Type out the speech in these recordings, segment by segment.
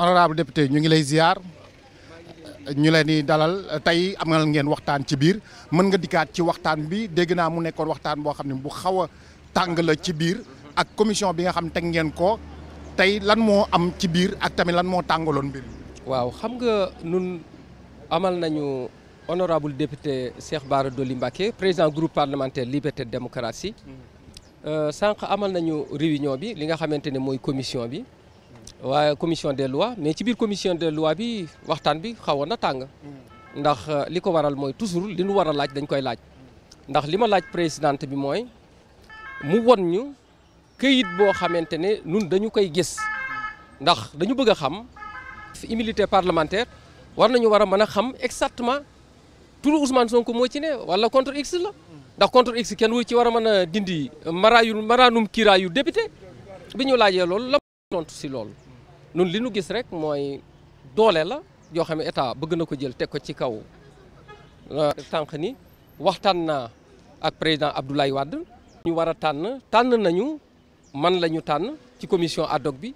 honorable député ñu ngi lay ziar ñu leen di dalal tey amal ngeen waxtaan ci biir mën nga dikkaat ci waxtaan bi dégg naa mu nekkoon waxtaan boo xam ne bu xaw a tàng la ci biir ak commission bi nga xam teg ngeen ko tey lan moo am ci biir ak tamit lan moo tàngaloon mbir waaw xam nga nun amal nañu honorable député Cheikh Bara Dolly Mbacké président groupe parlementaire liberté démocratie mm. euh, sànq amal nañu réunion bi li nga xamante ne mooy commission bi waaye commission des lois mais ci biir commission des bi waxtaan bi xaw na tàng. ndax euh, li ko waral mooy toujours li nu war a laaj dañ koy laaj. ndax li ma laaj présidente bi mooy mu won ñu kayit boo xamante ne nun dañu koy gis ndax dañu bëgg a xam immunité parlementaire war nañu war a mën a xam exactement turu Ousmane Sonko moo ci ne wala contre X la ndax contre X kenn wu ci war a mën a dindi maraayu maraanum yu député bi ñu laajee loolu la si loolu nun li nu gis rek mooy doole la yoo xam ne état bëgg na ko jël teg ko ci kaw tànk euh, ni waxtaan naa ak président Abdoulaye Wade ñu war a tànn tànn nañu man la ñu tànn ci commission ad hoc bi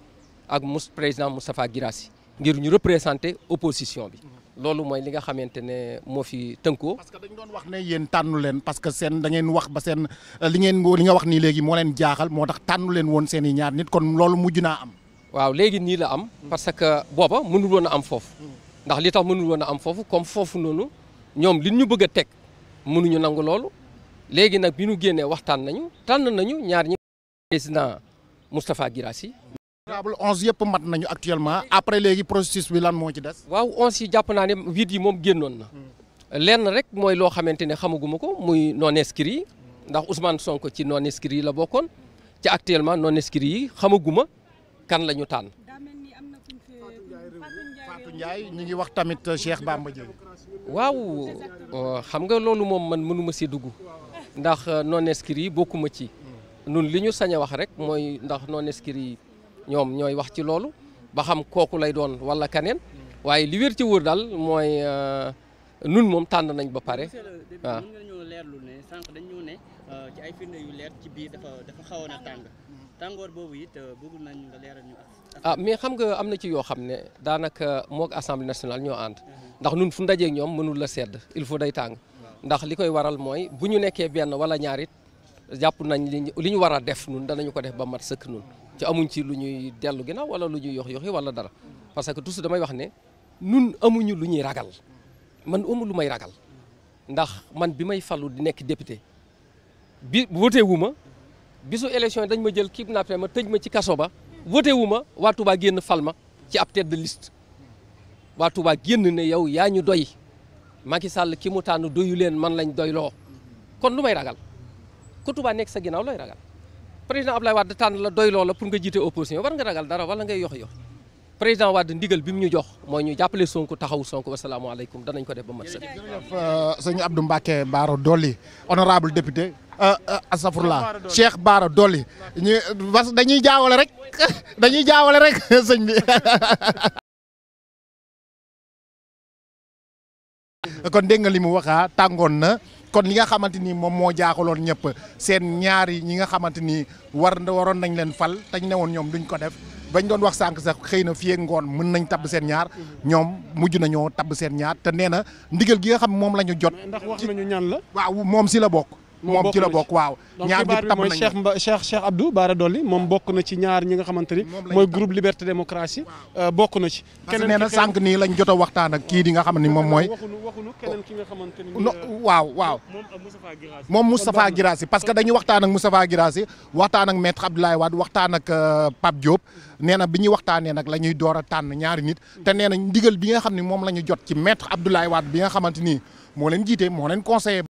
ak mus président Moustapha Guirassy ngir ñu représenter opposition bi loolu mooy li nga xamante ne moo fi tënkoo. parce que dañu doon wax ne yéen tànnu leen parce que seen da ngeen wax ba seen li ngeen li nga wax nii léegi moo leen moo tax tànnu leen woon seen i ñaar nit kon loolu mujj naa am. waaw léegi nii la am mm. parce que booba mënul woon a am foofu mm. ndax li tax mënul woon a am foofu comme foofu noonu ñoom li ñu bëgg a teg mënuñu nangu loolu léegi nag bi ñu génnee waxtaan nañu tànn nañu ñaar ñi président Moustapha Guirassy honorable onze yëpp mat nañu actuellement après léegi processus bi lan moo ci des waaw onze yi jàpp naa ne huit yi moom génnoon na mm. lenn rek mooy loo xamante ne xamaguma ko muy non inscrits yi ndax Ousmane sonk ci non inscrits yi la bokkoon ci actuellement non inscrits yi xamaguma kan lañu tànn. Fatou Ndiaye ñu ngi wax tamit uh, Cheikh Bamba Dièye waaw uh, xam nga loolu moom man mënuma si dugg ndax uh, non inscrits yi bokkuma ci mm. nun li ñu sañ a wax rek mooy ndax non inscrits yi ñoom ñooy wax ci loolu ba xam kooku lay doon wala kaneen mm. waaye li wér ci wóor daal mooy nun moom tànn nañ ba pare waaw. mën nga ñoo ci biir dafa tàngoor boobu it euh, bëgg nañ nga ñu ah mais xam nga am na ci yoo xam ne daanaka moog assemblée nationale ñoo ant mhm. ndax nun fu ndajeek ñoom mënul la sedd il faut day tàng ndax li koy waral mooy bu ñu nekkee benn wala ñaarit jàpp nañ li ñu war a def nun danañu ko def ba mat sëkk nun ci amuñ ci lu ñuy dellu ginnaaw wala lu ñuy yox yoxi wala dara parce que toujours damay wax ne nun amuñu lu ñuy ragal man amu lu may ragal ndax man bi may falu di nekk député bi wootee wu ma bisu élection dañ ma jël kidnappé ma tëj ma ci kaso ba voté wu ma waa Touba génn fal ma ci ab de liste waa Touba génn ne yow yaa ñu doy Macky Sall ki mu tànn doyu leen man lañ doy loo kon lu may ragal ku Touba nekk sa ginnaaw looy ragal président Abdoulaye Wade tànn la doy loo la pour nga jiite opposition war nga ragal dara wala ngay yox yox président Wade ndigal bi mu ñu jox mooy ñu jàppale Sonko taxawu Sonko wasalaamaaleykum danañ ko def ba mat sëkk. jërëjëf euh, sëñ Abdou Mbacke Baara Dolli honorable député. Euh, euh, asafurla Cheikh Baara Dolli ñu parce que dañuy jaawale rek dañuy jaawale rek sëñ bi. dégg nga li mu waxaa ah, tàngoon na. kon li nga xamante ni moom moo jaaxaloon ñëpp seen ñaar ñi nga xamante ni war waroon nañ leen fal te ñu woon ñoom duñ ko def. bañ doon wax sànq sax xëy na fii ngoon mën nañ tabb seen ñaar ñoom mujj nañoo tabb seen ñaar te nee na ndigal gi nga xam moom la ñu jot. ndax wax nañu ñan la. waaw moom si la bokk. moom ci la bokk waaw ñaar ñëpp tam nañ Cheikh Cheikh Cheikh Abdou Bara Dolly moom bokk na ci ñaar ñi nga xamante ni mooy groupe liberté démocratie euh, bokk na ci keneen nee na sànq nii lañ jot a waxtaan ak kii di nga xam ne moom mooy waxuñu keneen euh, waaw waaw moom Moustapha Guirassy parce que dañuy waxtaan ak Moustapha Guirassy waxtaan ak maître Abdoulaye Wade waxtaan ak euh, Pape Diop nee na bi ñu waxtaanee nag la ñuy door a tànn ñaari nit te nee na ndigal bi nga xam ne moom la ñu jot ci maître Abdoulaye Wade bi nga xamante ni moo leen jiite moo leen conseillé